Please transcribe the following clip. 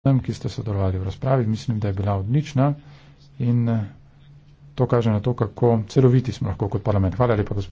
vsem, ki ste sodelovali v razpravi. Mislim, da je bila odlična in eh, to kaže na to, kako celoviti smo lahko kot parlament. Hvala lepa, gospod.